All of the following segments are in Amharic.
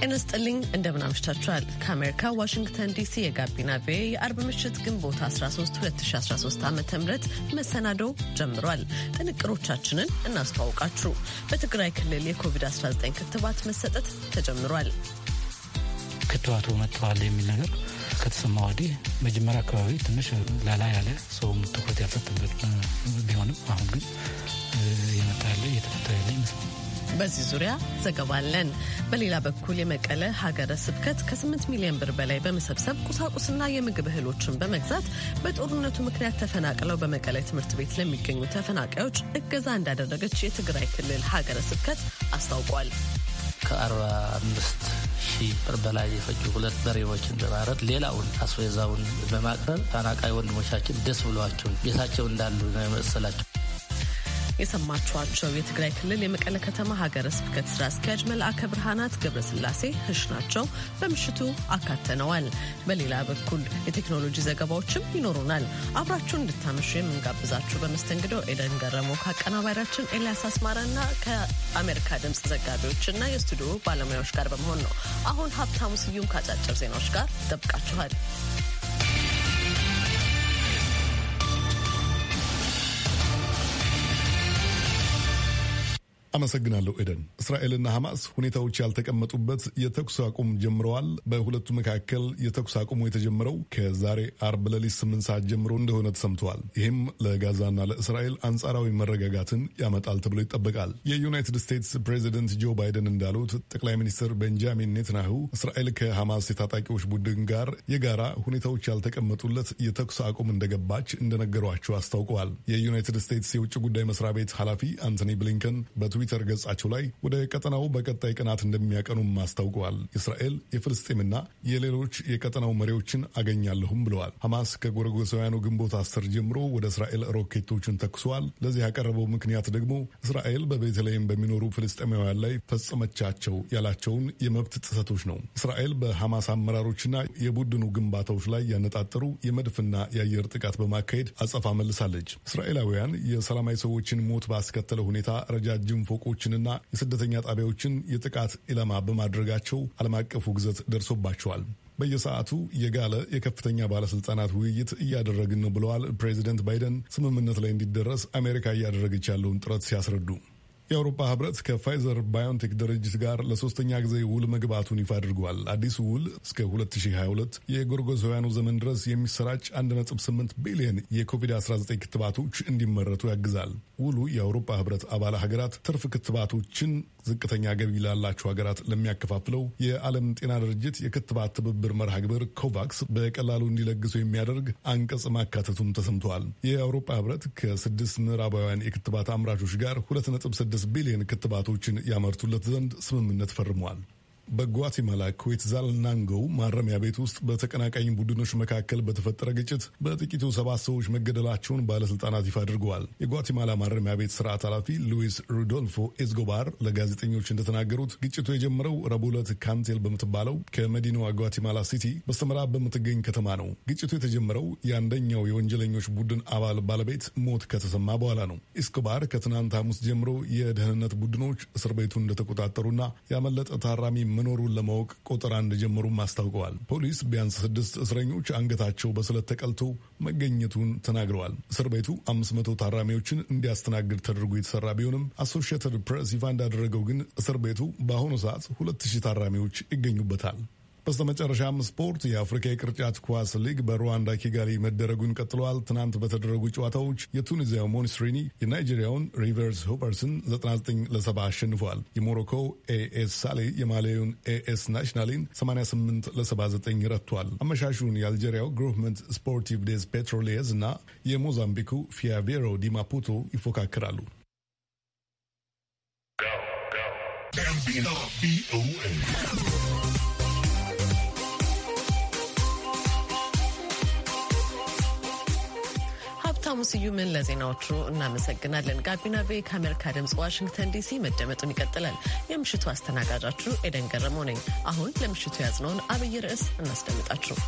ጤና ስጥልኝ እንደምን ከአሜሪካ ዋሽንግተን ዲሲ የጋቢና ቪኦኤ የአርብ ምሽት ግንቦት 13 2013 ዓ ም መሰናዶ ጀምሯል። ጥንቅሮቻችንን እናስተዋውቃችሁ። በትግራይ ክልል የኮቪድ-19 ክትባት መሰጠት ተጀምሯል። ክትባቱ መጥተዋል የሚል ነገር ከተሰማ ወዲህ መጀመሪያ አካባቢ ትንሽ ላላ ያለ ሰው ትኩረት ያልሰጥበት ቢሆንም አሁን ግን የመጣ ያለ በዚህ ዙሪያ ዘገባለን። በሌላ በኩል የመቀለ ሀገረ ስብከት ከ8 ሚሊዮን ብር በላይ በመሰብሰብ ቁሳቁስና የምግብ እህሎችን በመግዛት በጦርነቱ ምክንያት ተፈናቅለው በመቀለ ትምህርት ቤት ለሚገኙ ተፈናቃዮች እገዛ እንዳደረገች የትግራይ ክልል ሀገረ ስብከት አስታውቋል። ከ45 ሺህ ብር በላይ የፈጁ ሁለት በሬዎችን በማረድ ሌላውን አስቤዛውን በማቅረብ ተፈናቃይ ወንድሞቻችን ደስ ብሏቸው ቤታቸው እንዳሉ ነው የመሰላቸው። የሰማችኋቸው የትግራይ ክልል የመቀለ ከተማ ሀገረ ስብከት ስራ አስኪያጅ መልአከ ብርሃናት ገብረስላሴ ህሽ ናቸው። በምሽቱ አካተነዋል። በሌላ በኩል የቴክኖሎጂ ዘገባዎችም ይኖሩናል። አብራችሁን እንድታመሹ የምንጋብዛችሁ በመስተንግዶ ኤደን ገረመው ከአቀናባሪያችን ኤልያስ አስማራና ከአሜሪካ ድምፅ ዘጋቢዎችና የስቱዲዮ ባለሙያዎች ጋር በመሆን ነው። አሁን ሀብታሙ ስዩም ከአጫጭር ዜናዎች ጋር ጠብቃችኋል። አመሰግናለሁ ኤደን። እስራኤልና ሐማስ ሁኔታዎች ያልተቀመጡበት የተኩስ አቁም ጀምረዋል። በሁለቱ መካከል የተኩስ አቁሙ የተጀመረው ከዛሬ አርብ ሌሊት ስምንት ሰዓት ጀምሮ እንደሆነ ተሰምተዋል። ይህም ለጋዛና ለእስራኤል አንጻራዊ መረጋጋትን ያመጣል ተብሎ ይጠበቃል። የዩናይትድ ስቴትስ ፕሬዚደንት ጆ ባይደን እንዳሉት ጠቅላይ ሚኒስትር ቤንጃሚን ኔትናሁ እስራኤል ከሐማስ የታጣቂዎች ቡድን ጋር የጋራ ሁኔታዎች ያልተቀመጡለት የተኩስ አቁም እንደገባች እንደነገሯቸው አስታውቀዋል። የዩናይትድ ስቴትስ የውጭ ጉዳይ መስሪያ ቤት ኃላፊ አንቶኒ ብሊንከን በትዊ በትዊተር ገጻቸው ላይ ወደ ቀጠናው በቀጣይ ቀናት እንደሚያቀኑም አስታውቀዋል። እስራኤል የፍልስጤምና የሌሎች የቀጠናው መሪዎችን አገኛለሁም ብለዋል። ሐማስ ከጎረጎሳውያኑ ግንቦት አስር ጀምሮ ወደ እስራኤል ሮኬቶችን ተኩሰዋል። ለዚህ ያቀረበው ምክንያት ደግሞ እስራኤል በቤተልሔም በሚኖሩ ፍልስጤማውያን ላይ ፈጸመቻቸው ያላቸውን የመብት ጥሰቶች ነው። እስራኤል በሐማስ አመራሮችና የቡድኑ ግንባታዎች ላይ ያነጣጠሩ የመድፍና የአየር ጥቃት በማካሄድ አጸፋ መልሳለች። እስራኤላውያን የሰላማዊ ሰዎችን ሞት ባስከተለ ሁኔታ ረጃጅም ፎ ፎቆችንና የስደተኛ ጣቢያዎችን የጥቃት ኢላማ በማድረጋቸው ዓለም አቀፉ ግዘት ደርሶባቸዋል። በየሰዓቱ የጋለ የከፍተኛ ባለስልጣናት ውይይት እያደረግን ነው ብለዋል ፕሬዚደንት ባይደን። ስምምነት ላይ እንዲደረስ አሜሪካ እያደረገች ያለውን ጥረት ሲያስረዱ የአውሮፓ ህብረት ከፋይዘር ባዮንቴክ ድርጅት ጋር ለሶስተኛ ጊዜ ውል መግባቱን ይፋ አድርጓል። አዲሱ ውል እስከ 2022 የጎርጎሳውያኑ ዘመን ድረስ የሚሰራጭ 1.8 ቢሊዮን የኮቪድ-19 ክትባቶች እንዲመረቱ ያግዛል። ውሉ የአውሮፓ ህብረት አባል ሀገራት ትርፍ ክትባቶችን ዝቅተኛ ገቢ ላላቸው ሀገራት ለሚያከፋፍለው የዓለም ጤና ድርጅት የክትባት ትብብር መርሃ ግብር ኮቫክስ በቀላሉ እንዲለግሱ የሚያደርግ አንቀጽ ማካተቱም ተሰምተዋል። የአውሮፓ ህብረት ከስድስት ምዕራባውያን የክትባት አምራቾች ጋር 2.6 ቢሊዮን ክትባቶችን ያመርቱለት ዘንድ ስምምነት ፈርመዋል። በጓቲማላ ናንጎው ማረሚያ ቤት ውስጥ በተቀናቃኝ ቡድኖች መካከል በተፈጠረ ግጭት በጥቂቱ ሰባት ሰዎች መገደላቸውን ባለስልጣናት ይፋ አድርገዋል። የጓቲማላ ማረሚያ ቤት ስርዓት ኃላፊ ሉዊስ ሩዶልፎ ኤዝጎባር ለጋዜጠኞች እንደተናገሩት ግጭቱ የጀመረው ረቡዕ ዕለት ካንቴል በምትባለው ከመዲናዋ ጓቲማላ ሲቲ በስተምዕራብ በምትገኝ ከተማ ነው። ግጭቱ የተጀመረው የአንደኛው የወንጀለኞች ቡድን አባል ባለቤት ሞት ከተሰማ በኋላ ነው። ኤስጎባር ከትናንት ሐሙስ ጀምሮ የደህንነት ቡድኖች እስር ቤቱን እንደተቆጣጠሩና ያመለጠ ታራሚ መኖሩን ለማወቅ ቆጠራ እንደጀመሩም አስታውቀዋል። ፖሊስ ቢያንስ ስድስት እስረኞች አንገታቸው በስለት ተቀልቶ መገኘቱን ተናግረዋል። እስር ቤቱ አምስት መቶ ታራሚዎችን እንዲያስተናግድ ተደርጎ የተሰራ ቢሆንም አሶሺየትድ ፕሬስ ይፋ እንዳደረገው ግን እስር ቤቱ በአሁኑ ሰዓት ሁለት ሺህ ታራሚዎች ይገኙበታል። በስተመጨረሻም ስፖርት የአፍሪካ የቅርጫት ኳስ ሊግ በሩዋንዳ ኪጋሊ መደረጉን ቀጥለዋል። ትናንት በተደረጉ ጨዋታዎች የቱኒዚያው ሞኒስትሪኒ የናይጄሪያውን ሪቨርስ ሆፐርስን 99 ለ70 አሸንፏል። የሞሮኮው ኤኤስ ሳሌ የማሊያውን ኤኤስ ናሽናሊን 88 ለ79 ረቷል። አመሻሹን የአልጄሪያው ግሩፕመንት ስፖርቲቭ ዴዝ ፔትሮሌዝ እና የሞዛምቢኩ ፊያቬሮ ዲማፑቶ ይፎካከራሉ። ሀብታሙ ስዩምን ለዜናዎቹ እናመሰግናለን። ጋቢና ቤ ከአሜሪካ ድምፅ ዋሽንግተን ዲሲ መደመጡን ይቀጥላል። የምሽቱ አስተናጋጃችሁ ኤደን ገረመው ነኝ። አሁን ለምሽቱ ያዝነውን አብይ ርዕስ እናስደምጣችሁ።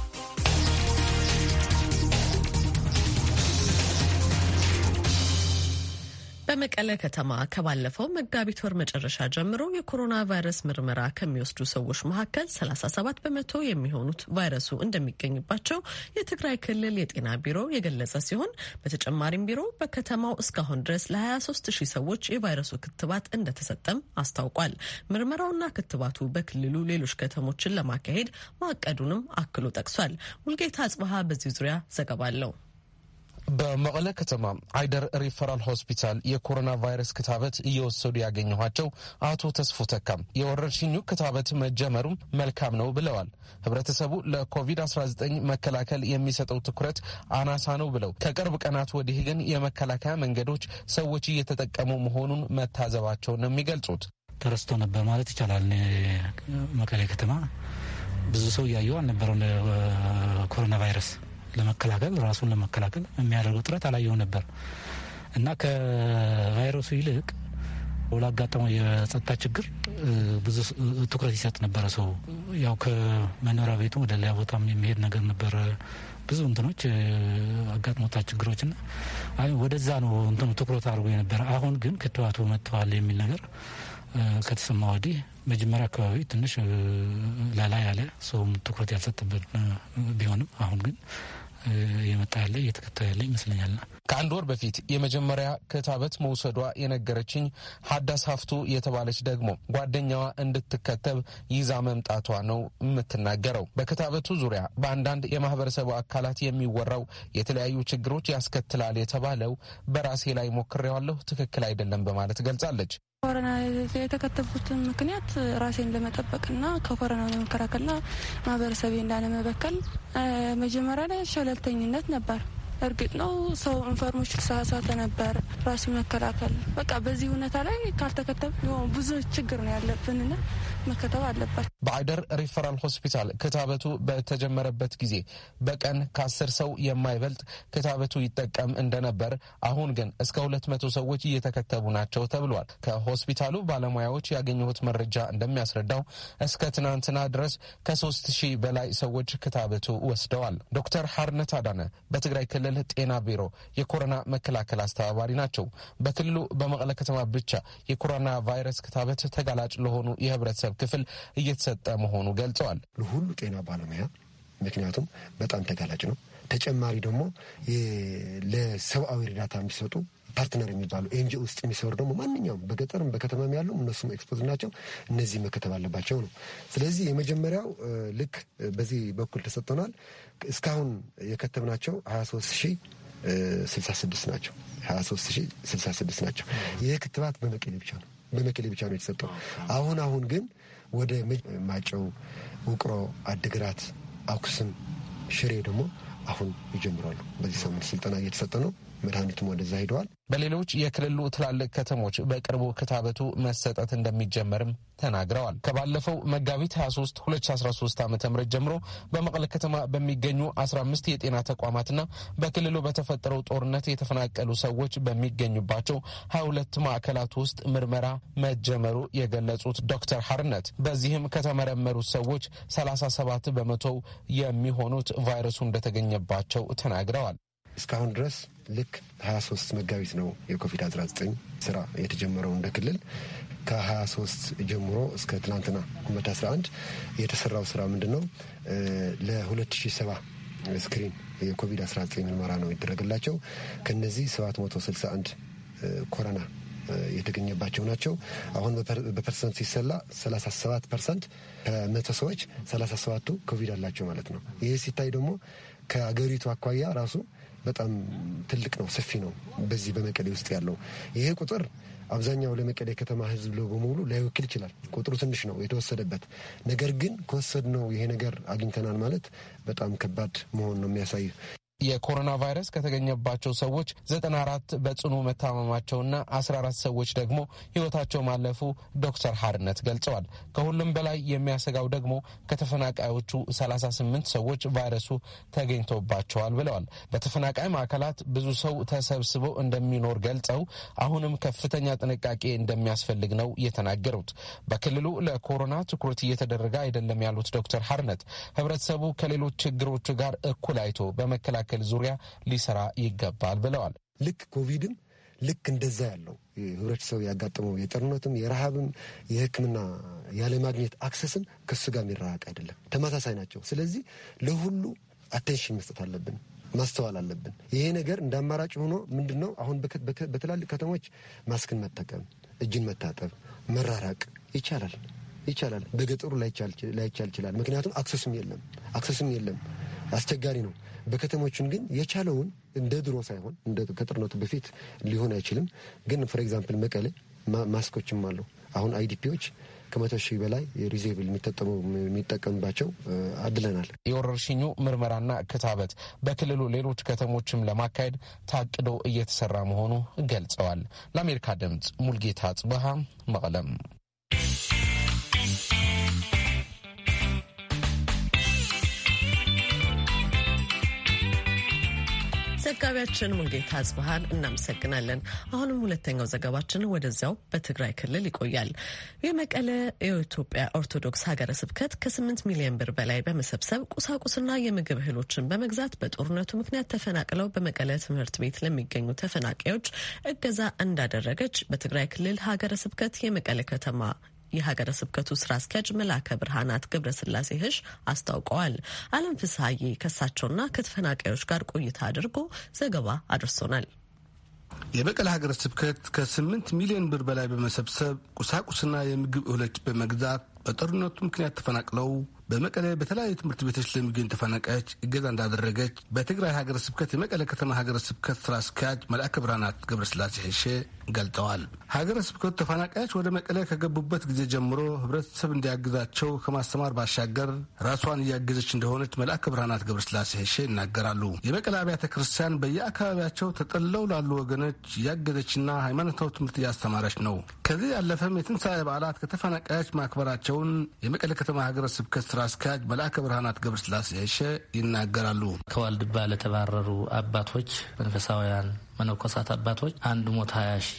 በመቀለ ከተማ ከባለፈው መጋቢት ወር መጨረሻ ጀምሮ የኮሮና ቫይረስ ምርመራ ከሚወስዱ ሰዎች መካከል 37 በመቶ የሚሆኑት ቫይረሱ እንደሚገኝባቸው የትግራይ ክልል የጤና ቢሮ የገለጸ ሲሆን በተጨማሪም ቢሮ በከተማው እስካሁን ድረስ ለ23 ሺህ ሰዎች የቫይረሱ ክትባት እንደተሰጠም አስታውቋል። ምርመራውና ክትባቱ በክልሉ ሌሎች ከተሞችን ለማካሄድ ማቀዱንም አክሎ ጠቅሷል። ሙልጌታ አጽበሀ በዚህ ዙሪያ ዘገባ አለው። በመቀለ ከተማ አይደር ሪፈራል ሆስፒታል የኮሮና ቫይረስ ክታበት እየወሰዱ ያገኘኋቸው አቶ ተስፎ ተካም የወረርሽኙ ክታበት መጀመሩም መልካም ነው ብለዋል። ህብረተሰቡ ለኮቪድ-19 መከላከል የሚሰጠው ትኩረት አናሳ ነው ብለው ከቅርብ ቀናት ወዲህ ግን የመከላከያ መንገዶች ሰዎች እየተጠቀሙ መሆኑን መታዘባቸውን ነው የሚገልጹት። ተረስቶ ነበር ማለት ይቻላል። መቀሌ ከተማ ብዙ ሰው እያየው አልነበረው ኮሮና ቫይረስ ለመከላከል ራሱን ለመከላከል የሚያደርገው ጥረት አላየው ነበር እና ከቫይረሱ ይልቅ ላጋጠመው የጸጥታ ችግር ብዙ ትኩረት ይሰጥ ነበረ። ሰው ያው ከመኖሪያ ቤቱ ወደ ሌላ ቦታም የሚሄድ ነገር ነበረ። ብዙ እንትኖች አጋጥሞታ ችግሮችና ወደዛ ነው እንትኑ ትኩረት አድርጎ የነበረ። አሁን ግን ክትባቱ መጥተዋል የሚል ነገር ከተሰማ ወዲህ መጀመሪያ አካባቢ ትንሽ ላላ ያለ ሰውም ትኩረት ያልሰጠበት ቢሆንም አሁን ግን የመጣ ያለ እየተከተለ ያለ ይመስለኛል። ከአንድ ወር በፊት የመጀመሪያ ክታበት መውሰዷ የነገረችኝ ሀዳስ ሀፍቱ የተባለች ደግሞ ጓደኛዋ እንድትከተብ ይዛ መምጣቷ ነው የምትናገረው። በክታበቱ ዙሪያ በአንዳንድ የማህበረሰቡ አካላት የሚወራው የተለያዩ ችግሮች ያስከትላል የተባለው በራሴ ላይ ሞክሬዋለሁ፣ ትክክል አይደለም በማለት ገልጻለች። ኮሮና የተከተብኩትን ምክንያት ራሴን ለመጠበቅና ከኮሮና ለመከላከልና ማህበረሰብ እንዳለመበከል መጀመሪያ ላይ ሸለልተኝነት ነበር። እርግጥ ነው ሰው ኢንፎርሜሽን ሳሳተ ነበር። ራሱ መከላከል በቃ በዚህ እውነታ ላይ ካልተከተብ ብዙ ችግር ነው ያለብንና መከተብ አለበት። በአይደር ሪፈራል ሆስፒታል ክታበቱ በተጀመረበት ጊዜ በቀን ከአስር ሰው የማይበልጥ ክታበቱ ይጠቀም እንደነበር፣ አሁን ግን እስከ ሁለት መቶ ሰዎች እየተከተቡ ናቸው ተብሏል። ከሆስፒታሉ ባለሙያዎች ያገኘሁት መረጃ እንደሚያስረዳው እስከ ትናንትና ድረስ ከሶስት ሺህ በላይ ሰዎች ክታበቱ ወስደዋል። ዶክተር ሀርነት አዳነ በትግራይ ክልል ጤና ቢሮ የኮሮና መከላከል አስተባባሪ ናቸው። በክልሉ በመቀለ ከተማ ብቻ የኮሮና ቫይረስ ክታበት ተጋላጭ ለሆኑ የህብረተሰብ ክፍል እየተሰጠ መሆኑ ገልጸዋል። ሁሉ ጤና ባለሙያ ምክንያቱም በጣም ተጋላጭ ነው። ተጨማሪ ደግሞ ለሰብአዊ እርዳታ የሚሰጡ ፓርትነር የሚባሉ ኤንጂ ውስጥ የሚሰሩ ደግሞ ማንኛውም በገጠርም በከተማም ያሉ እነሱም ኤክስፖዝ ናቸው። እነዚህ መከተብ አለባቸው ነው። ስለዚህ የመጀመሪያው ልክ በዚህ በኩል ተሰጥቶናል። እስካሁን የከተብናቸው 23 ናቸው። 23 66 ናቸው። ይህ ክትባት በመቀሌ ብቻ ነው። በመቀሌ ብቻ ነው የተሰጠው። አሁን አሁን ግን ወደ ማጨው፣ ውቅሮ፣ አድግራት፣ አኩስም፣ ሽሬ ደግሞ አሁን ይጀምራሉ። በዚህ ሳምንት ስልጠና እየተሰጠ ነው። መድኃኒቱም ወደዛ ሂደዋል። በሌሎች የክልሉ ትላልቅ ከተሞች በቅርቡ ክታበቱ መሰጠት እንደሚጀመርም ተናግረዋል። ከባለፈው መጋቢት 23 2013 ዓ ም ጀምሮ በመቀለ ከተማ በሚገኙ 15 የጤና ተቋማትና በክልሉ በተፈጠረው ጦርነት የተፈናቀሉ ሰዎች በሚገኙባቸው 22 ማዕከላት ውስጥ ምርመራ መጀመሩ የገለጹት ዶክተር ሀርነት በዚህም ከተመረመሩት ሰዎች 37 በመቶው የሚሆኑት ቫይረሱ እንደተገኘባቸው ተናግረዋል። እስካሁን ድረስ ልክ 23 መጋቢት ነው የኮቪድ-19 ስራ የተጀመረው እንደ ክልል ከ23 ጀምሮ እስከ ትናንትና ሁመት 11 የተሰራው ስራ ምንድን ነው? ለ 207 ስክሪን የኮቪድ-19 ምርመራ ነው የተደረገላቸው። ከነዚህ 761 ኮረና የተገኘባቸው ናቸው። አሁን በፐርሰንት ሲሰላ 37 ፐርሰንት ከመቶ ሰዎች 37ቱ ኮቪድ አላቸው ማለት ነው። ይህ ሲታይ ደግሞ ከአገሪቱ አኳያ ራሱ በጣም ትልቅ ነው፣ ሰፊ ነው። በዚህ በመቀሌ ውስጥ ያለው ይሄ ቁጥር አብዛኛው ለመቀሌ ከተማ ህዝብ ሕዝብ በሙሉ ላይወክል ይችላል። ቁጥሩ ትንሽ ነው የተወሰደበት። ነገር ግን ከወሰድነው ይሄ ነገር አግኝተናል ማለት በጣም ከባድ መሆን ነው የሚያሳየው። የኮሮና ቫይረስ ከተገኘባቸው ሰዎች 94 በጽኑ መታመማቸውና 14 ሰዎች ደግሞ ህይወታቸው ማለፉ ዶክተር ሀርነት ገልጸዋል። ከሁሉም በላይ የሚያሰጋው ደግሞ ከተፈናቃዮቹ 38 ሰዎች ቫይረሱ ተገኝቶባቸዋል ብለዋል። በተፈናቃይ ማዕከላት ብዙ ሰው ተሰብስቦ እንደሚኖር ገልጸው አሁንም ከፍተኛ ጥንቃቄ እንደሚያስፈልግ ነው የተናገሩት። በክልሉ ለኮሮና ትኩረት እየተደረገ አይደለም ያሉት ዶክተር ሀርነት ህብረተሰቡ ከሌሎች ችግሮቹ ጋር እኩል አይቶ በመከላከል ማዕከል ዙሪያ ሊሰራ ይገባል ብለዋል። ልክ ኮቪድም ልክ እንደዛ ያለው ህብረተሰቡ ያጋጠመው የጦርነትም የረሃብም የሕክምና ያለማግኘት አክሰስም ከሱ ጋር የሚራቅ አይደለም፣ ተመሳሳይ ናቸው። ስለዚህ ለሁሉ አቴንሽን መስጠት አለብን፣ ማስተዋል አለብን። ይሄ ነገር እንደ አማራጭ ሆኖ ምንድን ነው አሁን በትላልቅ ከተሞች ማስክን መጠቀም፣ እጅን መታጠብ፣ መራራቅ ይቻላል ይቻላል። በገጠሩ ላይቻል ይችላል። ምክንያቱም አክሰስም የለም አክሰስም የለም አስቸጋሪ ነው። በከተሞቹን ግን የቻለውን እንደ ድሮ ሳይሆን ከጦርነቱ በፊት ሊሆን አይችልም። ግን ፎር ኤግዛምፕል መቀሌ ማስኮችም አሉ። አሁን አይዲፒዎች ከመቶ ሺህ በላይ ሪዜብል የሚጠቀምባቸው አድለናል። የወረርሽኙ ምርመራና ክታበት በክልሉ ሌሎች ከተሞችም ለማካሄድ ታቅዶ እየተሰራ መሆኑ ገልጸዋል። ለአሜሪካ ድምፅ ሙልጌታ ጽበሃ መቀለም ዘጋቢያችን ሙንጌታ ጽብሃን እናመሰግናለን። አሁንም ሁለተኛው ዘገባችን ወደዚያው በትግራይ ክልል ይቆያል። የመቀለ የኢትዮጵያ ኦርቶዶክስ ሀገረ ስብከት ከ8 ሚሊዮን ብር በላይ በመሰብሰብ ቁሳቁስና የምግብ እህሎችን በመግዛት በጦርነቱ ምክንያት ተፈናቅለው በመቀለ ትምህርት ቤት ለሚገኙ ተፈናቃዮች እገዛ እንዳደረገች በትግራይ ክልል ሀገረ ስብከት የመቀለ ከተማ የሀገረ ስብከቱ ስራ አስኪያጅ መላከ ብርሃናት ገብረስላሴ ህሽ አስታውቀዋል። አለም ፍስሀዬ ከሳቸውና ከተፈናቃዮች ጋር ቆይታ አድርጎ ዘገባ አድርሶናል። የበቀል ሀገረ ስብከት ከስምንት ሚሊዮን ብር በላይ በመሰብሰብ ቁሳቁስና የምግብ እህሎች በመግዛት በጦርነቱ ምክንያት ተፈናቅለው በመቀለ በተለያዩ ትምህርት ቤቶች ለሚገኙ ተፈናቃዮች እገዛ እንዳደረገች በትግራይ ሀገረ ስብከት የመቀለ ከተማ ሀገረ ስብከት ስራ አስኪያጅ መልአከ ብርሃናት ገብረስላሴ ሄሼ ገልጠዋል። ሀገረ ስብከቱ ተፈናቃዮች ወደ መቀለ ከገቡበት ጊዜ ጀምሮ ህብረተሰብ እንዲያግዛቸው ከማስተማር ባሻገር ራሷን እያገዘች እንደሆነች መልአከ ብርሃናት ገብረስላሴ ሄሼ ይናገራሉ። የመቀለ አብያተ ክርስቲያን በየአካባቢያቸው ተጠለው ላሉ ወገኖች እያገዘችና ሃይማኖታዊ ትምህርት እያስተማረች ነው። ከዚህ ያለፈም የትንሣኤ በዓላት ከተፈናቃዮች ማክበራቸውን የመቀለ ከተማ ሀገረ ስብከት ስራ አስኪያጅ መልአከ ብርሃናት ገብረስላሴ እሸ ይናገራሉ። ከዋልድባ ለተባረሩ አባቶች መንፈሳውያን መነኮሳት አባቶች አንድ ሞት ሀያ ሺ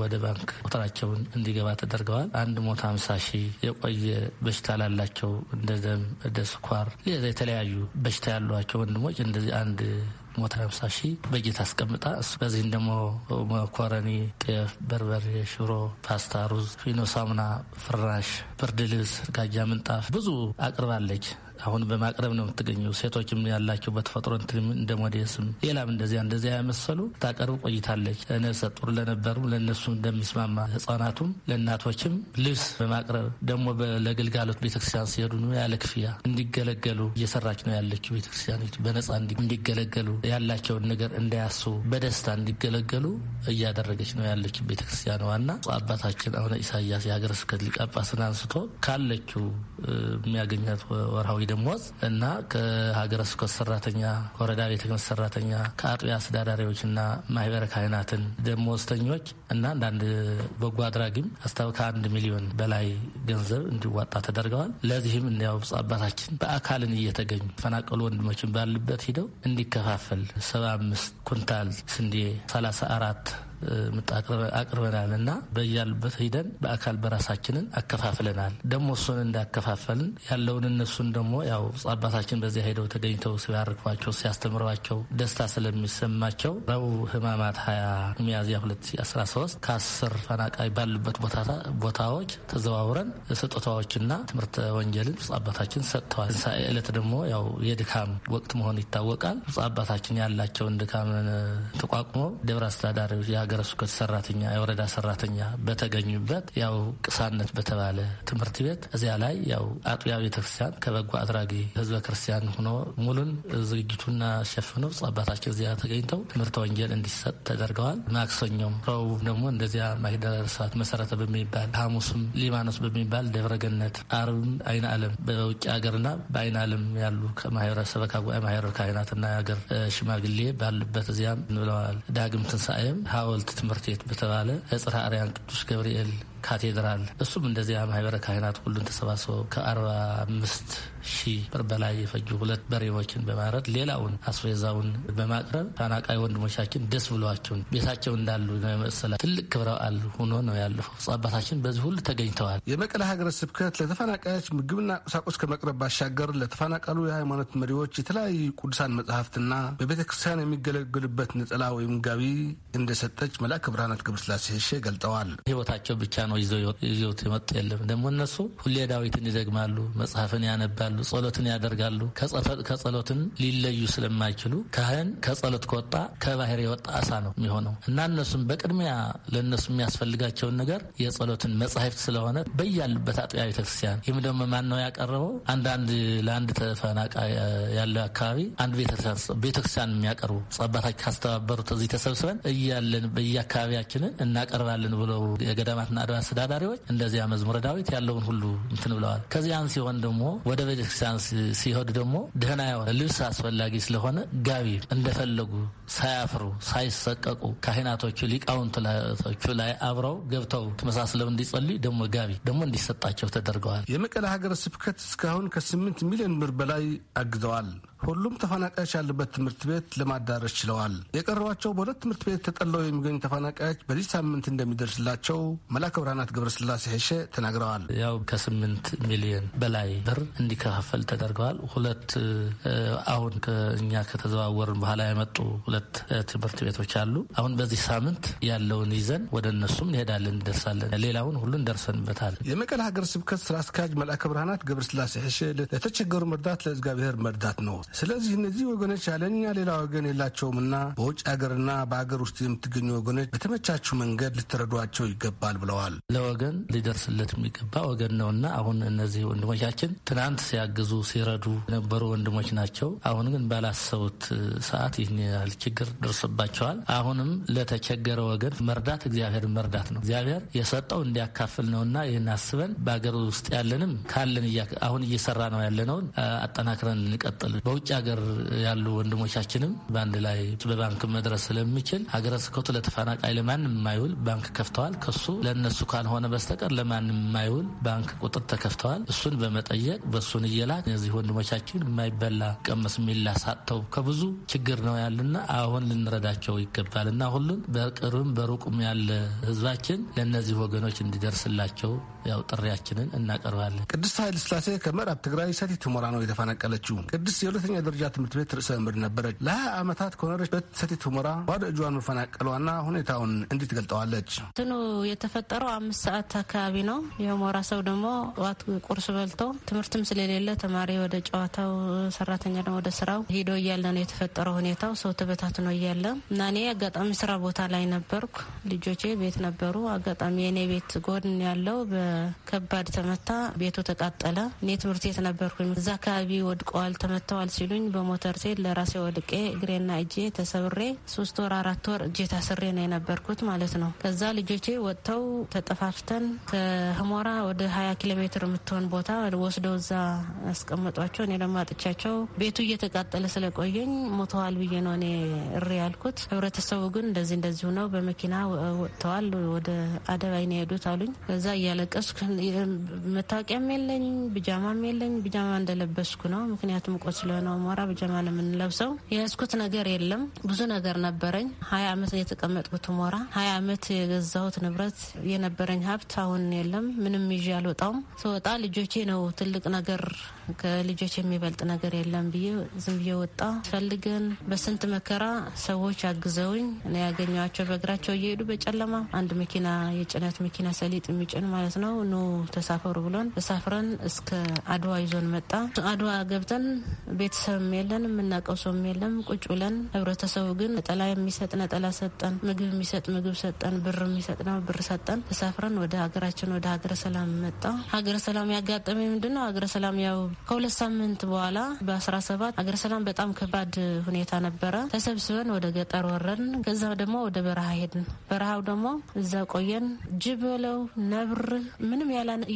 ወደ ባንክ ቁጥራቸውን እንዲገባ ተደርገዋል። አንድ ሞት ሀምሳ ሺ የቆየ በሽታ ላላቸው እንደ ደም፣ እንደ ስኳር፣ የተለያዩ በሽታ ያሏቸው ወንድሞች እንደዚህ አንድ ሞተር ሀምሳ ሺህ በጌት አስቀምጣ እሱ በዚህም ደግሞ መኮረኒ፣ ጤፍ፣ በርበሬ፣ ሽሮ፣ ፓስታ፣ ሩዝ፣ ፊኖ፣ ሳሙና፣ ፍራሽ፣ ብርድ ልብስ፣ ጋጃ፣ ምንጣፍ ብዙ አቅርባለች። አሁን በማቅረብ ነው የምትገኘው። ሴቶችም ያላቸው በተፈጥሮ እንትን እንደ ሞዴስም ሌላም እንደዚያ እንደዚያ ያመሰሉ ታቀርብ ቆይታለች። ነፍሰ ጡር ለነበሩ ለእነሱ እንደሚስማማ ህጻናቱም ለእናቶችም ልብስ በማቅረብ ደግሞ ለግልጋሎት ቤተክርስቲያን ሲሄዱ ነው ያለ ክፍያ እንዲገለገሉ እየሰራች ነው ያለችው። ቤተክርስቲያኖች በነጻ እንዲገለገሉ ያላቸውን ነገር እንዳያሱ በደስታ እንዲገለገሉ እያደረገች ነው ያለችው ቤተክርስቲያን። ዋና አባታችን አሁነ ኢሳያስ የሀገረ ስብከት ሊቀ ጳጳስን አንስቶ ካለችው የሚያገኛት ወርሃዊ ደሞዝ እና ከሀገረ ስብከት ሰራተኛ፣ ከወረዳ ቤተ ክህነት ሰራተኛ፣ ከአጥቢያ አስተዳዳሪዎችና ማህበረ ካህናትን ደሞዝተኞች እና አንዳንድ በጎ አድራጊም አስታው ከአንድ ሚሊዮን በላይ ገንዘብ እንዲዋጣ ተደርገዋል። ለዚህም እንዲያው ብፁዕ አባታችን በአካልን እየተገኙ ፈናቀሉ ወንድሞችን ባሉበት ሂደው እንዲከፋፈል ሰባ አምስት ኩንታል ስንዴ ሰላሳ አራት አቅርበናል እና በያሉበት ሂደን በአካል በራሳችንን አከፋፍለናል። ደግሞ እሱን እንዳከፋፈልን ያለውን እነሱን ደግሞ ያው አባታችን በዚያ ሄደው ተገኝተው ሲባርኳቸው ሲያስተምሯቸው ደስታ ስለሚሰማቸው ረቡዕ ህማማት 20 ሚያዝያ 2013 ከአስር ፈናቃይ ባሉበት ቦታዎች ተዘዋውረን ስጦታዎችና ትምህርት ወንጀልን ብፁዕ አባታችን ሰጥተዋል። ትንሣኤ ዕለት ደግሞ ያው የድካም ወቅት መሆኑ ይታወቃል። ብፁዕ አባታችን ያላቸውን ድካም ተቋቁመው ደብረ አስተዳዳሪዎች የሀገረ ስብከት ሰራተኛ፣ የወረዳ ሰራተኛ በተገኙበት ያው ቅሳነት በተባለ ትምህርት ቤት እዚያ ላይ ያው አጥቢያ ቤተክርስቲያን ከበጎ አድራጊ ህዝበ ክርስቲያን ሆኖ ሙሉን ዝግጅቱና ሸፍኖ አባታችን እዚያ ተገኝተው ትምህርተ ወንጌል እንዲሰጥ ተደርገዋል። ማክሰኞም ረቡዕ ደግሞ እንደዚያ ማህደረ እርሳት መሰረተ በሚባል ሐሙስም ሊባኖስ በሚባል ደብረገነት አርብም አይነ ዓለም በውጭ ሀገርና በአይነ ዓለም ያሉ ከማህበረሰብ ካጓ ማህበረ ካህናትና ሀገር ሽማግሌ ባሉበት እዚያም እንብለዋል። ዳግም ትንሳኤም ሀወ ሓወልቲ ትምህርቲ ቤት ብተባለ ህፅራ ኣርያን ቅዱስ ገብርኤል ካቴድራል እሱም እንደዚያ ማህበረ ካህናት ሁሉን ተሰባስበው ከአርባ አምስት ሺህ ብር በላይ የፈጁ ሁለት በሬዎችን በማረት ሌላውን አስፌዛውን በማቅረብ ታናቃይ ወንድሞቻችን ደስ ብሏቸውን ቤታቸው እንዳሉ መሰላ ትልቅ ክብረ በዓል ሆኖ ነው ያለፈው። አባታችን በዚህ ሁሉ ተገኝተዋል። የመቀለ ሀገረ ስብከት ለተፈናቃዮች ምግብና ቁሳቁስ ከመቅረብ ባሻገር ለተፈናቀሉ የሃይማኖት መሪዎች የተለያዩ ቅዱሳን መጽሐፍትና በቤተ ክርስቲያን የሚገለገሉበት ነጠላ ወይም ጋቢ እንደሰጠች መልአከ ብርሃናት ገብረስላሴ ሸ ገልጠዋል። ህይወታቸው ብቻ ነው ነው ይዘውት የመጡ የለም። ደግሞ እነሱ ሁሌ ዳዊትን ይደግማሉ፣ መጽሐፍን ያነባሉ፣ ጸሎትን ያደርጋሉ። ከጸሎትን ሊለዩ ስለማይችሉ ካህን ከጸሎት ከወጣ ከባህር የወጣ አሳ ነው የሚሆነው እና እነሱም በቅድሚያ ለእነሱ የሚያስፈልጋቸውን ነገር የጸሎትን መጽሐፍት ስለሆነ በያሉበት አጥቢያ ቤተክርስቲያን ይህም ደግሞ ማን ነው ያቀረበው? አንዳንድ ለአንድ ተፈናቃይ ያለው አካባቢ አንድ ቤተክርስቲያን የሚያቀርቡ ጸባታች ካስተባበሩት እዚህ ተሰብስበን እያለን በየአካባቢያችንን እናቀርባለን ብለው የገዳማትና አድባ አስተዳዳሪዎች እንደዚያ መዝሙረ ዳዊት ያለውን ሁሉ እንትን ብለዋል። ከዚያን ሲሆን ደግሞ ወደ ቤተክርስቲያን ሲሄዱ ደግሞ ደህና የሆነ ልብስ አስፈላጊ ስለሆነ ጋቢ እንደፈለጉ ሳያፍሩ ሳይሰቀቁ ካህናቶቹ ሊቃውንቶቹ ላይ አብረው ገብተው ተመሳስለው እንዲጸልዩ ደግሞ ጋቢ ደግሞ እንዲሰጣቸው ተደርገዋል። የመቀለ ሀገረ ስብከት እስካሁን ከስምንት ሚሊዮን ብር በላይ አግዘዋል። ሁሉም ተፈናቃዮች ያሉበት ትምህርት ቤት ለማዳረስ ችለዋል። የቀረዋቸው በሁለት ትምህርት ቤት ተጠለው የሚገኙ ተፈናቃዮች በዚህ ሳምንት እንደሚደርስላቸው መላከ ብርሃናት ገብረስላሴ ሄሸ ተናግረዋል። ያው ከስምንት ሚሊዮን በላይ ብር እንዲከፋፈል ተደርገዋል። ሁለት አሁን እኛ ከተዘዋወርን በኋላ የመጡ ሁለት ትምህርት ቤቶች አሉ። አሁን በዚህ ሳምንት ያለውን ይዘን ወደ እነሱም እንሄዳለን፣ እንደርሳለን። ሌላውን ሁሉ እንደርሰንበታል። የመቀለ ሀገር ስብከት ስራ አስኪያጅ መላከ ብርሃናት ገብረስላሴ ሄሸ ለተቸገሩ መርዳት ለእግዚአብሔር መርዳት ነው ስለዚህ እነዚህ ወገኖች ያለኛ ሌላ ወገን የላቸውምና በውጭ ሀገርና በሀገር ውስጥ የምትገኙ ወገኖች በተመቻቹ መንገድ ልትረዷቸው ይገባል ብለዋል። ለወገን ሊደርስለት የሚገባ ወገን ነውና አሁን እነዚህ ወንድሞቻችን ትናንት ሲያግዙ ሲረዱ የነበሩ ወንድሞች ናቸው። አሁን ግን ባላሰቡት ሰዓት ይህን ያህል ችግር ደርስባቸዋል አሁንም ለተቸገረ ወገን መርዳት እግዚአብሔር መርዳት ነው። እግዚአብሔር የሰጠው እንዲያካፍል ነውና ይህን አስበን በሀገር ውስጥ ያለንም ካለን አሁን እየሰራ ነው ያለነውን አጠናክረን እንቀጥል። በውጭ ሀገር ያሉ ወንድሞቻችንም በአንድ ላይ በባንክ መድረስ ስለሚችል ሀገረ ስብከቱ ለተፈናቃይ ለማንም የማይውል ባንክ ከፍተዋል። ከሱ ለእነሱ ካልሆነ በስተቀር ለማንም የማይውል ባንክ ቁጥር ተከፍተዋል። እሱን በመጠየቅ በሱን እየላክ እነዚህ ወንድሞቻችን የማይበላ ቀመስ ሳጥተው ከብዙ ችግር ነው ያለና አሁን ልንረዳቸው ይገባል እና ሁሉም በቅርብም በሩቁም ያለ ህዝባችን ለእነዚህ ወገኖች እንዲደርስላቸው ያው ጥሪያችንን እናቀርባለን። ቅድስት ኃይለ ስላሴ ከምዕራብ ትግራይ ሰቲት ሁመራ ነው የተፈናቀለችው። ቅድስት የሁለተኛ ደረጃ ትምህርት ቤት ርዕሰ መምህር ነበረች። ለሀያ ዓመታት ከኖረችበት ሰቲት ሁመራ ባዶ እጇን መፈናቀሏና ሁኔታውን እንዲህ ትገልጠዋለች። እንትኑ የተፈጠረው አምስት ሰዓት አካባቢ ነው። የሁመራ ሰው ደግሞ ጠዋት ቁርስ በልቶ ትምህርትም ስለሌለ ተማሪ ወደ ጨዋታው፣ ሰራተኛ ደግሞ ወደ ስራው ሂዶ እያለ ነው የተፈጠረው ሁኔታው። ሰው ተበታትኖ እያለ እና እኔ አጋጣሚ ስራ ቦታ ላይ ነበርኩ። ልጆቼ ቤት ነበሩ። አጋጣሚ የእኔ ቤት ጎድን ያለው በከባድ ተመታ፣ ቤቱ ተቃጠለ። እኔ ትምህርት ቤት ነበርኩኝ። እዛ አካባቢ ወድቀዋል፣ ተመተዋል ሲሉኝ በሞተር ሴት ለራሴ ወድቄ እግሬና እጄ ተሰብሬ ሶስት ወር አራት ወር እጄ ታስሬ ነው የነበርኩት ማለት ነው። ከዛ ልጆቼ ወጥተው ተጠፋፍተን ከህሞራ ወደ ሀያ ኪሎ ሜትር የምትሆን ቦታ ወስደው እዛ አስቀመጧቸው። እኔ ደግሞ አጥቻቸው ቤቱ እየተቃጠለ ስለቆየኝ ሞተዋል ብዬ ነው እኔ እሬ ያልኩት። ህብረተሰቡ ግን እንደዚህ እንደዚሁ ነው በመኪና ወጥተዋል ወደ አደባይ ነው የሄዱት አሉኝ። ከዛ እያለቀ ለበስኩ መታወቂያም የለኝ ብጃማም የለኝ። ብጃማ እንደለበስኩ ነው። ምክንያቱም ቆ ስለሆነ ሞራ ብጃማ ነው የምንለብሰው። የያዝኩት ነገር የለም። ብዙ ነገር ነበረኝ። ሀያ አመት የተቀመጥኩት ሞራ፣ ሀያ አመት የገዛሁት ንብረት፣ የነበረኝ ሀብት አሁን የለም። ምንም ይዤ አልወጣውም። ስወጣ ልጆቼ ነው ትልቅ ነገር ከልጆች የሚበልጥ ነገር የለም ብዬ ዝም ብዬ ወጣ ፈልገን በስንት መከራ ሰዎች አግዘውኝ እኔ ያገኘኋቸው በእግራቸው እየሄዱ በጨለማ አንድ መኪና የጭነት መኪና ሰሊጥ የሚጭን ማለት ነው ኑ ተሳፈሩ ብሎን ተሳፍረን እስከ አድዋ ይዞን መጣ። አድዋ ገብተን ቤተሰብም የለን የምናውቀው ሰውም የለም። ቁጭ ብለን ህብረተሰቡ ግን ነጠላ የሚሰጥ ነጠላ ሰጠን፣ ምግብ የሚሰጥ ምግብ ሰጠን፣ ብር የሚሰጥ ነው ብር ሰጠን። ተሳፍረን ወደ ሀገራችን ወደ ሀገረ ሰላም መጣ። ሀገረ ሰላም ያጋጠመ ምንድን ነው? ሀገረ ሰላም ያው ከሁለት ሳምንት በኋላ በአስራ ሰባት አገረ ሰላም በጣም ከባድ ሁኔታ ነበረ። ተሰብስበን ወደ ገጠር ወረን ከዛ ደግሞ ወደ በረሃ ሄድን። በረሃው ደግሞ እዛ ቆየን። ጅብ በለው ነብር፣ ምንም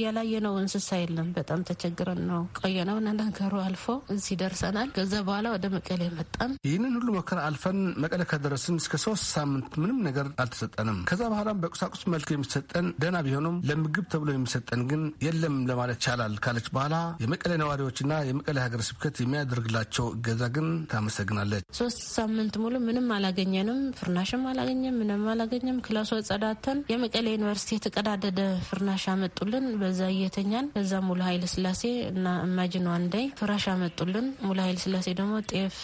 ያላየነው እንስሳ የለም። በጣም ተቸግረን ነው ቆየነው እና ነገሩ አልፎ እዚህ ደርሰናል። ከዛ በኋላ ወደ መቀሌ መጣን። ይህንን ሁሉ መከራ አልፈን መቀሌ ከደረስን እስከ ሶስት ሳምንት ምንም ነገር አልተሰጠንም። ከዛ በኋላም በቁሳቁስ መልክ የሚሰጠን ደህና ቢሆንም ለምግብ ተብሎ የሚሰጠን ግን የለም ለማለት ይቻላል ካለች በኋላ የመቀሌ ነው ነዋሪዎችና የመቀሌ ሀገረ ስብከት የሚያደርግላቸው እገዛ ግን ታመሰግናለች። ሶስት ሳምንት ሙሉ ምንም አላገኘንም፣ ፍርናሽም አላገኘም፣ ምንም አላገኘም። ክላሱ ጸዳተን የመቀሌ ዩኒቨርሲቲ የተቀዳደደ ፍርናሽ አመጡልን። በዛ እየተኛን በዛ ሙሉ ኃይለ ስላሴ እና እማጅን ዋንደይ ፍራሽ አመጡልን። ሙሉ ኃይለ ስላሴ ደግሞ ጤፍ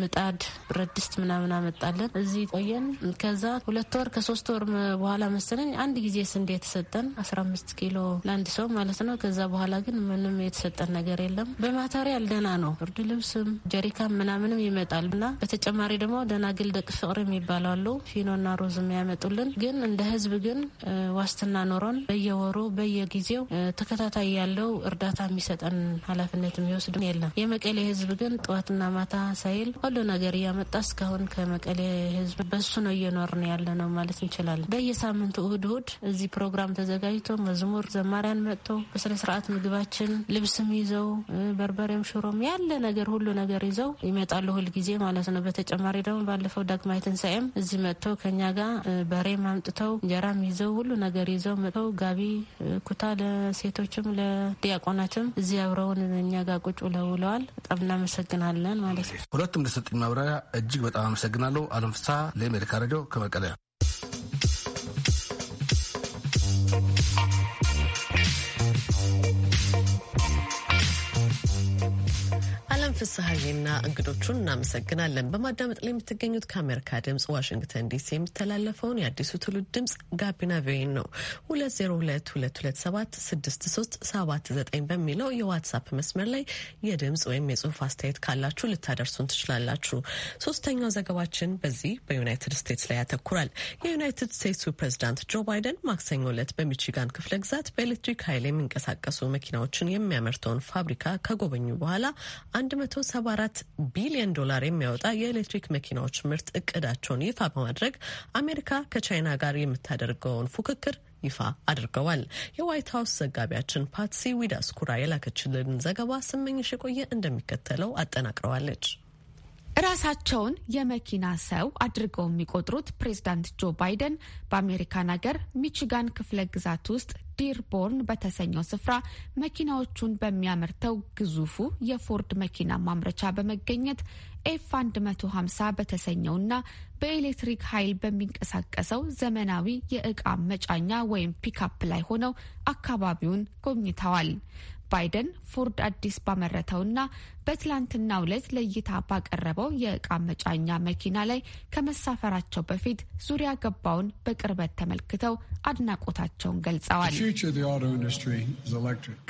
ምጣድ፣ ብረት ድስት ምናምን አመጣለን። እዚህ ቆየን። ከዛ ሁለት ወር ከሶስት ወር በኋላ መሰለኝ አንድ ጊዜ ስንዴ የተሰጠን አስራ አምስት ኪሎ ለአንድ ሰው ማለት ነው። ከዛ በኋላ ግን ምንም የተሰጠን ነገር የለም። በማተሪያል ደህና ነው። ብርድ ልብስም ጀሪካም ምናምንም ይመጣል እና በተጨማሪ ደግሞ ደናግል ደቅ ፍቅርም ይባላሉ ፊኖና ሮዝ የሚያመጡልን ግን እንደ ህዝብ ግን ዋስትና ኖሮን በየወሩ በየጊዜው ተከታታይ ያለው እርዳታ የሚሰጠን ኃላፊነት የሚወስድ የለም። የመቀሌ ህዝብ ግን ጠዋትና ማታ ሳይል ሲል ሁሉ ነገር እያመጣ እስካሁን ከመቀሌ ህዝብ በሱ ነው እየኖርን ያለ ነው ማለት እንችላለን። በየሳምንቱ እሁድ እሁድ እዚህ ፕሮግራም ተዘጋጅቶ መዝሙር ዘማሪያን መጥተው በስነ ስርዓት ምግባችን፣ ልብስም ይዘው በርበሬም፣ ሽሮም ያለ ነገር ሁሉ ነገር ይዘው ይመጣሉ ሁልጊዜ ማለት ነው። በተጨማሪ ደግሞ ባለፈው ዳግማዊ ትንሳኤም እዚህ መጥተው ከኛ ጋር በሬም አምጥተው እንጀራም ይዘው ሁሉ ነገር ይዘው መጥተው ጋቢ ኩታ ለሴቶችም ለዲያቆናትም እዚህ አብረውን እኛ ጋር ቁጭ ብለው ውለዋል። በጣም እናመሰግናለን ማለት ነው። ለትምህርት ለሰጠኝ ማብራሪያ እጅግ በጣም አመሰግናለሁ። አለም ፍስሐ ለአሜሪካ ሬዲዮ ከመቀለ ፀሐዬና እንግዶቹን እናመሰግናለን። በማዳመጥ ላይ የምትገኙት ከአሜሪካ ድምጽ ዋሽንግተን ዲሲ የሚተላለፈውን የአዲሱ ትውልድ ድምጽ ጋቢና ቪኦኤ ነው። 2022276379 በሚለው የዋትሳፕ መስመር ላይ የድምጽ ወይም የጽሁፍ አስተያየት ካላችሁ ልታደርሱን ትችላላችሁ። ሶስተኛው ዘገባችን በዚህ በዩናይትድ ስቴትስ ላይ ያተኩራል። የዩናይትድ ስቴትሱ ፕሬዚዳንት ጆ ባይደን ማክሰኞ ዕለት በሚቺጋን ክፍለ ግዛት በኤሌክትሪክ ኃይል የሚንቀሳቀሱ መኪናዎችን የሚያመርተውን ፋብሪካ ከጎበኙ በኋላ 74 ቢሊዮን ዶላር የሚያወጣ የኤሌክትሪክ መኪናዎች ምርት እቅዳቸውን ይፋ በማድረግ አሜሪካ ከቻይና ጋር የምታደርገውን ፉክክር ይፋ አድርገዋል። የዋይት ሀውስ ዘጋቢያችን ፓትሲ ዊዳስኩራ የላከችልን ዘገባ ስመኝሽ የቆየ እንደሚከተለው አጠናቅረዋለች። ራሳቸውን የመኪና ሰው አድርገው የሚቆጥሩት ፕሬዝዳንት ጆ ባይደን በአሜሪካን ሀገር ሚችጋን ክፍለ ግዛት ውስጥ ዲርቦርን በተሰኘው ስፍራ መኪናዎቹን በሚያመርተው ግዙፉ የፎርድ መኪና ማምረቻ በመገኘት ኤፍ 150 በተሰኘውና በኤሌክትሪክ ኃይል በሚንቀሳቀሰው ዘመናዊ የእቃ መጫኛ ወይም ፒካፕ ላይ ሆነው አካባቢውን ጎብኝተዋል። ባይደን ፎርድ አዲስ ባመረተውና በትላንትናው ዕለት ለእይታ ባቀረበው የእቃ መጫኛ መኪና ላይ ከመሳፈራቸው በፊት ዙሪያ ገባውን በቅርበት ተመልክተው አድናቆታቸውን ገልጸዋል።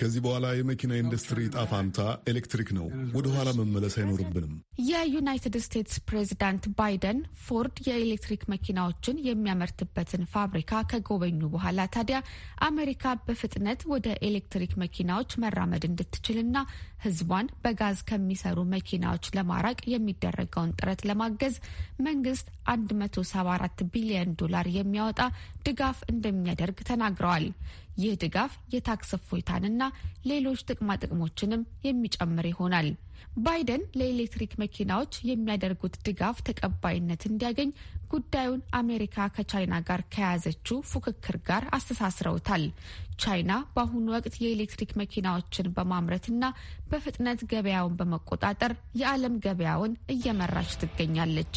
ከዚህ በኋላ የመኪና ኢንዱስትሪ ጣፋንታ ኤሌክትሪክ ነው። ወደኋላ መመለስ አይኖርብንም። የዩናይትድ ስቴትስ ፕሬዚዳንት ባይደን ፎርድ የኤሌክትሪክ መኪናዎችን የሚያመርትበትን ፋብሪካ ከጎበኙ በኋላ ታዲያ አሜሪካ በፍጥነት ወደ ኤሌክትሪክ መኪናዎች መራመድ እንድትችልና ህዝቧን በጋዝ ከሚሰሩ መኪናዎች ለማራቅ የሚደረገውን ጥረት ለማገዝ መንግስት 174 ቢሊዮን ዶላር የሚያወጣ ድጋፍ እንደሚያደርግ ተናግረዋል። ይህ ድጋፍ የታክስ እፎይታንና ሌሎች ጥቅማጥቅሞችንም የሚጨምር ይሆናል። ባይደን ለኤሌክትሪክ መኪናዎች የሚያደርጉት ድጋፍ ተቀባይነት እንዲያገኝ ጉዳዩን አሜሪካ ከቻይና ጋር ከያዘችው ፉክክር ጋር አስተሳስረውታል። ቻይና በአሁኑ ወቅት የኤሌክትሪክ መኪናዎችን በማምረትና በፍጥነት ገበያውን በመቆጣጠር የዓለም ገበያውን እየመራች ትገኛለች።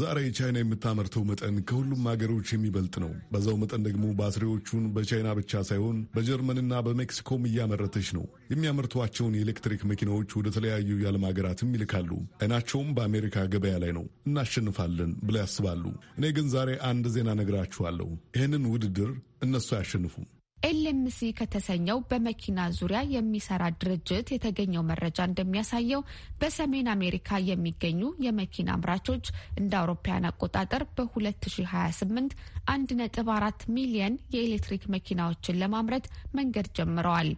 ዛሬ ቻይና የምታመርተው መጠን ከሁሉም ሀገሮች የሚበልጥ ነው። በዛው መጠን ደግሞ ባትሪዎቹን በቻይና ብቻ ሳይሆን በጀርመንና በሜክሲኮም እያመረተች ነው። የሚያመርቷቸውን የኤሌክትሪክ መኪናዎች ወደ ተለያዩ የዓለም ሀገራትም ይልካሉ። አይናቸውም በአሜሪካ ገበያ ላይ ነው። እናሸንፋለን ብለው ያስባሉ። እኔ ግን ዛሬ አንድ ዜና ነግራችኋለሁ። ይህንን ውድድር እነሱ አያሸንፉም። ኤልኤምሲ ከተሰኘው በመኪና ዙሪያ የሚሰራ ድርጅት የተገኘው መረጃ እንደሚያሳየው በሰሜን አሜሪካ የሚገኙ የመኪና አምራቾች እንደ አውሮፓያን አቆጣጠር በ2028 1.4 ሚሊየን የኤሌክትሪክ መኪናዎችን ለማምረት መንገድ ጀምረዋል።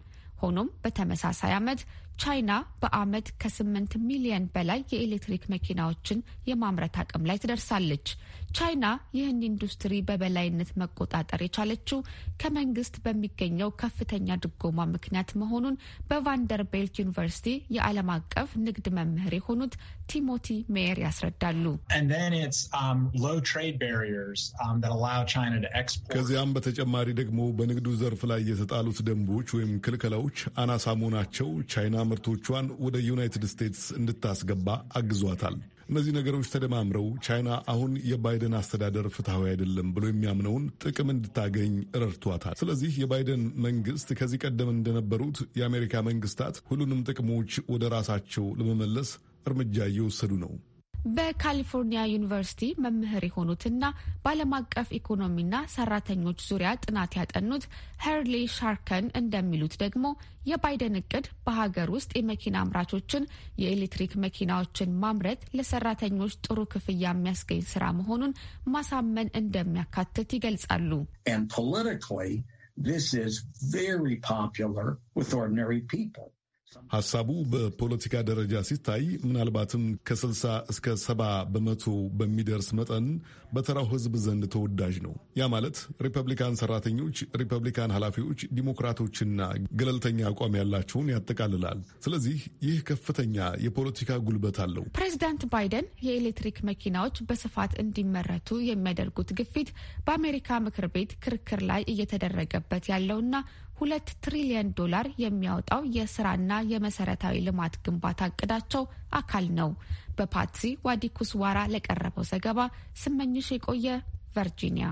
ሆኖም በተመሳሳይ ዓመት ቻይና በዓመት ከ8 ሚሊየን በላይ የኤሌክትሪክ መኪናዎችን የማምረት አቅም ላይ ትደርሳለች። ቻይና ይህን ኢንዱስትሪ በበላይነት መቆጣጠር የቻለችው ከመንግስት በሚገኘው ከፍተኛ ድጎማ ምክንያት መሆኑን በቫንደርቤልት ዩኒቨርሲቲ የዓለም አቀፍ ንግድ መምህር የሆኑት ቲሞቲ ሜየር ያስረዳሉ። um, um, ከዚያም በተጨማሪ ደግሞ በንግዱ ዘርፍ ላይ የተጣሉት ደንቦች ወይም ክልከላዎች አናሳ መሆናቸው ቻይና ምርቶቿን ወደ ዩናይትድ ስቴትስ እንድታስገባ አግዟታል። እነዚህ ነገሮች ተደማምረው ቻይና አሁን የባይደን አስተዳደር ፍትሐዊ አይደለም ብሎ የሚያምነውን ጥቅም እንድታገኝ ረድቷታል። ስለዚህ የባይደን መንግስት ከዚህ ቀደም እንደነበሩት የአሜሪካ መንግስታት ሁሉንም ጥቅሞች ወደ ራሳቸው ለመመለስ እርምጃ እየወሰዱ ነው። በካሊፎርኒያ ዩኒቨርሲቲ መምህር የሆኑትና በዓለም አቀፍ ኢኮኖሚና ሰራተኞች ዙሪያ ጥናት ያጠኑት ሄርሊ ሻርከን እንደሚሉት ደግሞ የባይደን እቅድ በሀገር ውስጥ የመኪና አምራቾችን የኤሌክትሪክ መኪናዎችን ማምረት ለሰራተኞች ጥሩ ክፍያ የሚያስገኝ ስራ መሆኑን ማሳመን እንደሚያካትት ይገልጻሉ። ፖለቲካሊ ስ ኢዝ ቬሪ ፖፑላር ኦርዲናሪ ፒፕል ሀሳቡ በፖለቲካ ደረጃ ሲታይ ምናልባትም ከ60 እስከ 70 በመቶ በሚደርስ መጠን በተራው ሕዝብ ዘንድ ተወዳጅ ነው። ያ ማለት ሪፐብሊካን ሰራተኞች፣ ሪፐብሊካን ኃላፊዎች፣ ዲሞክራቶችና ገለልተኛ አቋም ያላቸውን ያጠቃልላል። ስለዚህ ይህ ከፍተኛ የፖለቲካ ጉልበት አለው። ፕሬዚዳንት ባይደን የኤሌክትሪክ መኪናዎች በስፋት እንዲመረቱ የሚያደርጉት ግፊት በአሜሪካ ምክር ቤት ክርክር ላይ እየተደረገበት ያለውና ሁለት ትሪሊየን ዶላር የሚያወጣው የስራና የመሰረታዊ ልማት ግንባታ እቅዳቸው አካል ነው። በፓትሲ ዋዲኩስዋራ ለቀረበው ዘገባ ስመኝሽ የቆየ ቨርጂኒያ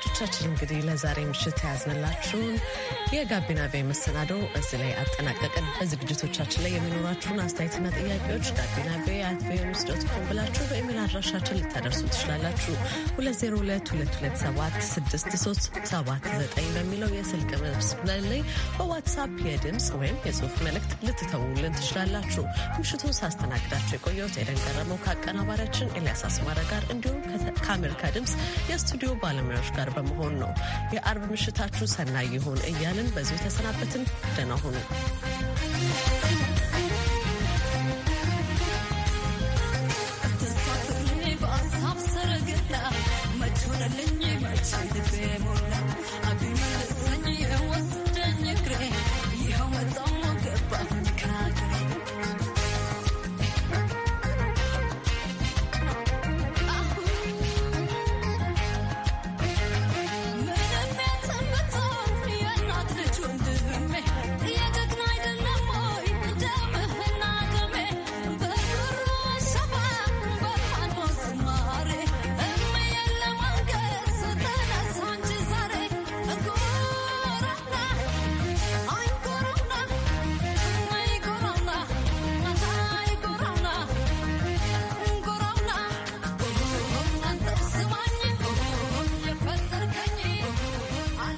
አድማጮቻችን እንግዲህ ለዛሬ ምሽት የያዝንላችሁን የጋቢና ቤ መሰናዶ እዚህ ላይ አጠናቀቅን። በዝግጅቶቻችን ላይ የሚኖራችሁን አስተያየትና ጥያቄዎች ጋቢና ቤ አት ቪኦኤኒውስ ዶት ኮም ብላችሁ በኢሜል አድራሻችን ልታደርሱ ትችላላችሁ። 2022276379 በሚለው የስልክ መስመር ላይ በዋትሳፕ የድምፅ ወይም የጽሁፍ መልእክት ልትተውልን ትችላላችሁ። ምሽቱን ሳስተናግዳችሁ የቆየሁት ኤደን ገረመው ከአቀናባሪያችን ኤልያስ አስማረ ጋር እንዲሁም ከአሜሪካ ድምፅ የስቱዲዮ ባለሙያዎች ጋር ጋር በመሆን ነው። የአርብ ምሽታችሁ ሰናይ ይሁን እያልን በዚሁ ተሰናበትን። ደህና ሁኑ። I'm